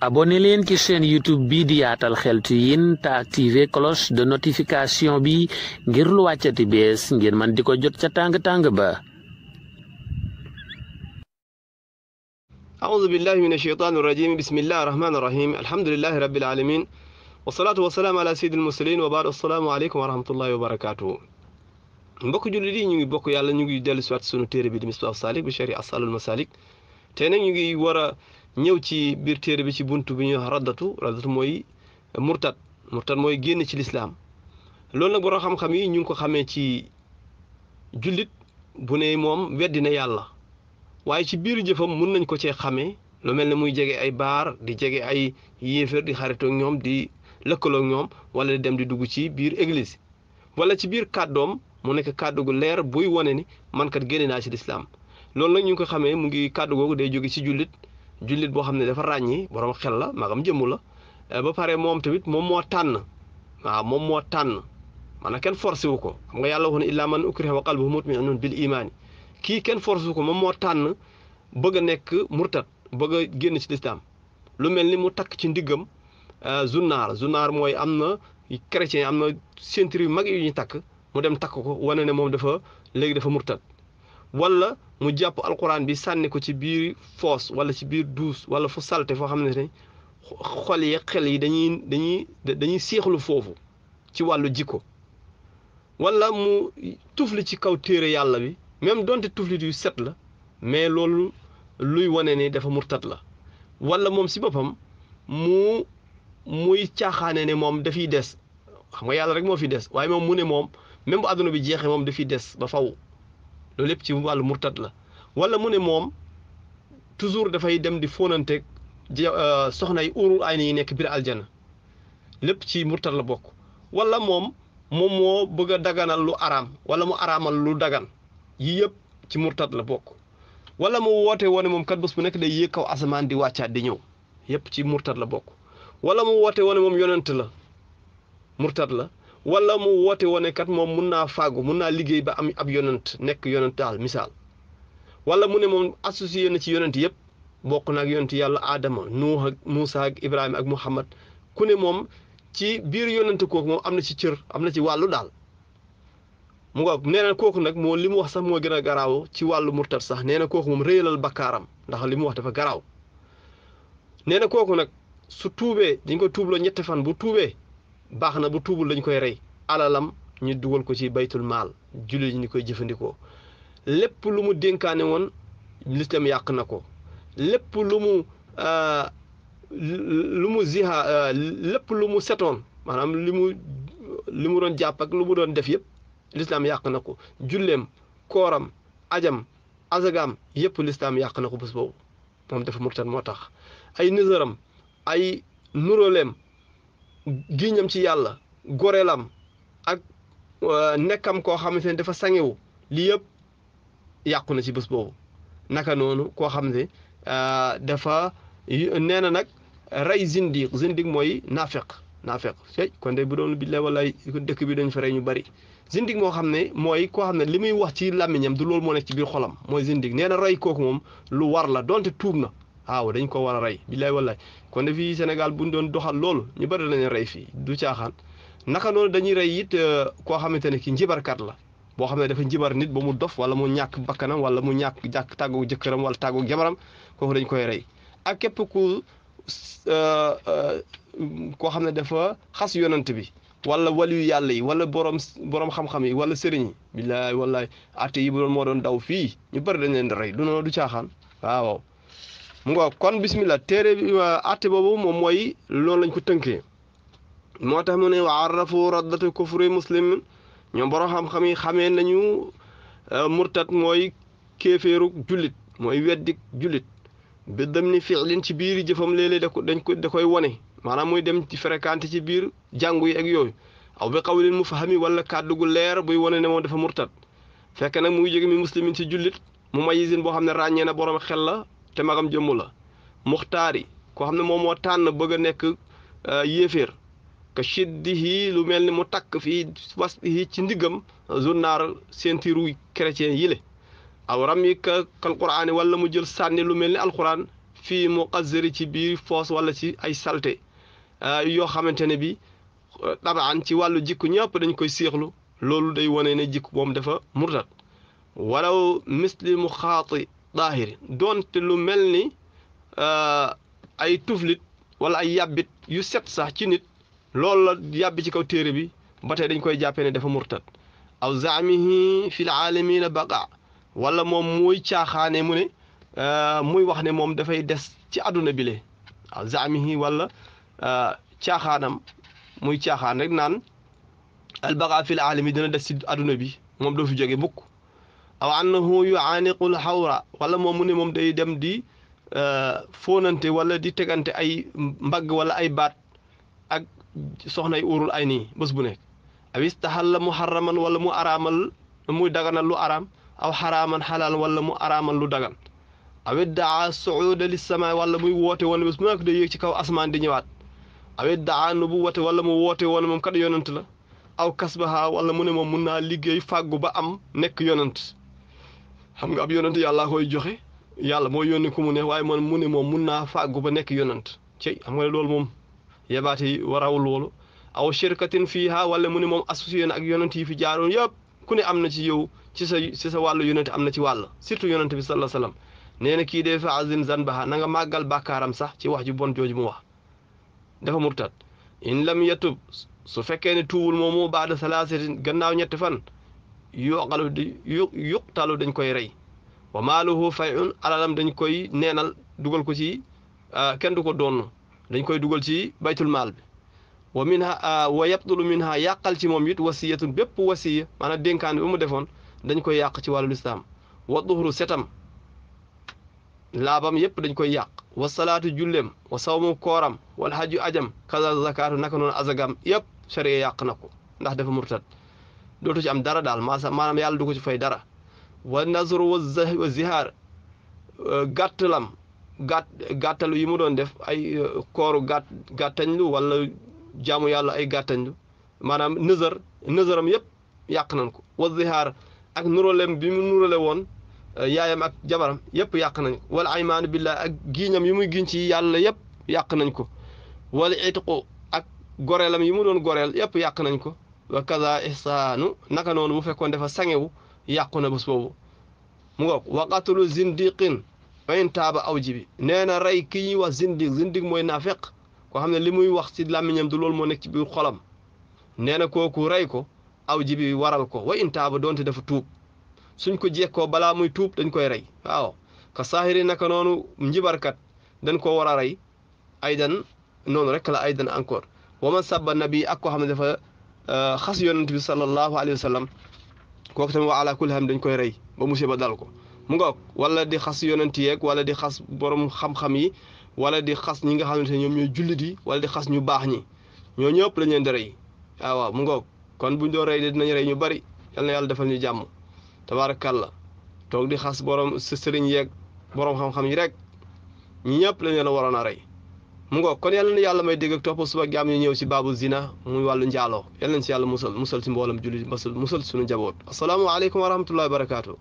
abonné leen ci chaîne youtube bi di yaatal xeltu yin te activé cloche de notification bi ngir lu wàccati bees ngir man di ko jot ca tàng-tàng ba aoudu billahi min alsheytan irrajim bismillahi irrahmani irrahim alhamdulilahi rabbil bokk yàlla ñu ngi dellu si waat téere bi di misbaahu ñëw ci biir téere bi ci bunt bi ñuy wax raddatu raddatu mooy murtad murtad mooy génn ci lislaam loolu nag borom xam-xam yi ñu ngi ko xamee ci jullit bu ne moom weddi na yàlla waaye ci biir jëfam mun nañ ko cee xame lu mel ne muy jege ay baar di jege ay yéeféer di xaritoog ñoom di lëkkaloog ñoom wala di dem di dugg ci biir église wala ci biir kàddoom mu nekk kàddu gu leer buy wane ni man kat génne naa ci lislaam loolu nag ñu ngi ko xamee mu ngi kàddu googu day jóge ci jullit jullit boo xam ne dafa ràññi borom xel la magam jëmm la eh, ba pare moom tamit moom moo tànn waaw moom moo tànn maanaam kenn forcé wu ko xam nga yàlla waxoon illaa man ukriha wa qalbuhu mutma'innun bil imaani kii kenn forcé ko moom moo tànn bëgg a nekk murtat bëgg a génn ci lislaam lu mel ni mu takk ci ndiggam eh, zunaar zunaar mooy am na chrétien am na ceinture yu mag yu ñuy takk mu dem takk ko wane ne moom dafa léegi dafa murtat wala mu jàpp alquran bi sànni ko ci biir foos wala ci biir duus wala fu salte foo xam ne ne xol yi xel yi dañuy dañuy dañuy seexlu foofu ci wàllu jikko wala mu tufli ci kaw téere yàlla bi même donte tuflit yu set la mais loolu luy wane ne dafa murtat la wala moom si boppam mu muy caaxaane ne moom dafiy des xam nga yàlla rek moo fi des waaye moom mu ne moom même bu àdduna bi jeexee moom dafiy des ba faw loolu yëpp ci wàllu murtat la wala mu ne moom toujours dafay dem di fóonanteeg euh, soxna yi uurul ay yi nekk biir aljana lépp ci murtat la bokk wala moom moom moo bëgg a daganal lu araam wala mu araamal lu dagan yii yëpp ci murtat la bokk wala mu woote woone moom kat bés bu nekk day yéeg kaw asamaan di wàccaat di ñëw yëpp ci murtat la bokk wala mu woote woone moom yonent la murtat la wala mu woote woon kat moom mun naa faagu mun naa liggéey ba am ab yonent nekk yonent daal misaal wala mu ne moom associé na ci yonent yëpp bokk na ak yonent yàlla Adama Nuux ak Moussa ak Ibrahima ak Muhammad ku ne moom ci biir yonent kooku moom am na ci cër am na ci wàllu daal mu nga nee na kooku nag moo li mu wax sax moo gën a garaaw ci wàllu murtat sax nee na kooku moom réyalal bakkaaram ndax li mu wax dafa garaaw nee na kooku nag su tuubee dañ ko tuubloo ñetti fan bu tuubee. baax na bu tuubul lañ koy rey alalam ñu dugal ko ci baytul maal jullit ñi ñu koy jëfandikoo lépp lu mu dénkaane woon listam yàq na ko lépp lu mu euh, lu mu ziha euh, lépp lu mu setoon maanaam li mu li mu doon jàpp ak lu mu doon def yëpp listam yàq na ko julleem kooram ajam azagaam yëpp listam yàq na ko bés boobu moom dafa murtat moo tax ay nizaram ay nuróoleem giiñam ci yàlla goreelam ak euh, nekkam koo xamante ne dafa sangewu lii yëpp yàqu na ci bés boobu naka noonu koo xam ne euh, dafa nee na nag rey zindiq zindiq mooy naafeq naafeq sey kon bu doon billa wala dëkk bi dañ fa rey ñu bari zindig moo xam ne mooy koo xam ne li muy wax ci làmmiñam du loolu moo nekk ci biir xolam mooy zindig nee na rey kooku moom lu war la donte tuub na aaw dañ ko war a rey billaay wallaay kon ne fii Sénégal buñ doon doxal loolu ñu bëri lañu rey fii du caaxaan naka noonu dañuy rey it euh, koo xamante ne ki njibarkat la boo xam ne dafa njibar nit ba mu dof wala mu ñàkk bakkanam wala mu ñàkk jàkk tàggu jëkkëram wala tàggu jabaram kooku dañu koy rey ak képp ku euh, euh, koo xam ne dafa xas yonant bi wala waliyu yàlla yi wala borom borom xam-xam yi wala sëriñ yi billaay wallaay yi bu doon moo doon daw fii ñu bari dañ leen di rey du noonu du caaxaan mu nga kon bismillah téere bi waa euh, atte boobu moom mooy loolu lañ ko tënkee moo tax mu ne wa arrafu raddatu kufri muslim ñoom borom xam-xam yi xamee nañu euh, murtat mooy kéeféeruk jullit mooy weddik jullit bi dem ni fiilin ci biir jëfam léeg-léeg da ko dañ ko da koy wone maanaam muy dem ci fréquenté ci biir jàngu yi ak yooyu aw bi xawlin mu fahami wala kàddu gu leer buy wane ne moom dafa murtat fekk nag mu ngi jóge mi muslimin ci jullit mu mayisin boo xam ne ràññee na borom xel la te magam jëmm la muxtaari koo xam ne moom moo tànn bëgg a nekk euh, yéeféer ka shiddihi lu mel ni mu takk fii wasdihi ci ndiggam zunnaar seentiru chrétien yi le aw ram yi ka kal quraani mu jël sànni lu mel ni alxuraan fii mu xazari ci biir foos wala ci ay salte euh, yoo xamante ne bi tabaan euh, ci wàllu jikku ñàpp dañ koy séexlu loolu day wane ne jikku moom dafa murtat walaw misli mu xaati daahiri doonte lu mel ni euh, ay tuflit wala ay yàbbit yu set sax ci nit loolu la yàbbi ci kaw téere bi ba tey dañ koy jàppee ne dafa murtad aw zaamihi fil aalamiina baqa wala moom muy caaxaane mu ne euh, muy wax ne moom dafay des ci àdduna bi le aw zaamihi wala euh, caaxaanam muy caaxaan rek naan al baqa fil aalami dina des ci àdduna bi moom doo fi jóge mukk aw annahu yuaaniqul xawra wala moom mu ne moom day dem di euh, foonante wala di tegante ay mbagg wala ay baat ak soxnay uurul ay nii bés bu nekk aw mu muharraman wala mu araamal muy daganal lu araam aw xaraaman xalaal wala mu araamal lu dagan awe iddaa suuda li sama wala muy woote woon bés bu nekk day yéeg ci kaw asmaan di ñëwaat aw bu nubuwata wala mu woote woon moom kat yonant la aw kasbaha wala mu ne moom mun naa liggéey fàggu ba am nekk yonant xam nga ab yonent yàllaa koy joxe yàlla mooy yónni ku mu ne waaye man mu ne moom mun naa fàggu ba nekk yonent ci xam nga ne loolu moom yebaate yi warawul loolu aw shirkatin fiiha wala mu ne moom associé na ak yonent yi fi jaaroon yëpp ku ne am na ci yow ci sa sa wàllu yonent am na ci wàll surtout yonent bi sallallahu alayhi wasallam nee na kii dee fa azim zanbaha na nga màggal bàkkaaram sax ci wax ju bon jooju mu wax dafa murtad in lam yatub su fekkee ne tuubul moomu baada salaasatin gannaaw ñetti fan yuqalu yuqtalu dañ koy rey wa maaluhu fayun alalam dañ koy neenal dugal ko ci ah, kenn du ko doonnu dañ koy dugal ci baytul maal bi wa minha ah, wa yabtulu minha yàqal ci moom it wasiyatun bépp wasiya maanaam dénkaan bi mu defoon dañ koy yàq ci wàllu lislaam wa duhru setam laabam yëpp dañ koy yàq wa salaatu julleem wa sawmu kooram wal haju ajam kaza zakaatu naka noon azagam yëpp sariya yàq na ko ndax dafa murtad dootu ci am dara daal maanaam yàlla du ko ci fay dara wa nazru wa zihaar euh, gàttalam gàtt gàttalu yi mu doon def ay euh, kooru gàtt gàttañlu wala jaamu yàlla ay gàttañlu maanaam nëzër nëzëram yëpp yàq nañ ko wa zihaar ak nurolem bi mu nurole woon euh, yaayam ak jabaram yëpp yàq nañ ko wala aymaanu billah ak giiñam yi muy giñ ci yàlla yëpp yàq nañ ko wala itqu ak goreelam yi mu doon goreel yëpp yàq nañ ko wa kaza ihsaanu naka noonu bu fekkoon dafa sangewu yàqu na bés boobu mu ngoog wa qatlu zindiqin in taaba aw jibi nee na rey ki ñuy wax zindiq zindiq mooy naafeq koo xam ne li muy wax ci làmmiñam du lool moo nekk ci biir xolam nee na kooku rey ko aw jibi waral ko wa in taaba doonte dafa tuub suñ ko jekkoo balaa muy tuub dañ koy rey waaw ka saahiri naka noonu njibarkat dañ koo war a rey aydan noonu rek la ay aydan encore wa man sabba nabi ak koo xam ne Euh, xas yonent bi sallallahu alayhi wa kooku tamit wa ala kulli dañ koy rey ba musiba dal ko mu ngoog wala di xas yonent yeeg wala di xas borom xam-xam yi wala di xas ñi nga xamante ne ñoom ñooy jullit yi wala di xas ñu baax ñi ñoo ñëpp lañ leen rey ah, waaw mu ngoog kon buñ doon rey de dinañ rey ñu bari yal na yàlla defal ñu jàmm tabaarakàlla toog di xas borom sëriñ yeeg boroom xam-xam yi rek ñi ñëpp lañ leen waroon a rey mu ngoog kon yal na yàlla may dégg ak topp suba am ñu ñëw ci baabu zina muy wàllu njaaloo yal nañ ci yàlla musal musal ci mboolam jullit musal sunu suñu njaboot asalaamaaleykum wa rahmatullahi barakaatu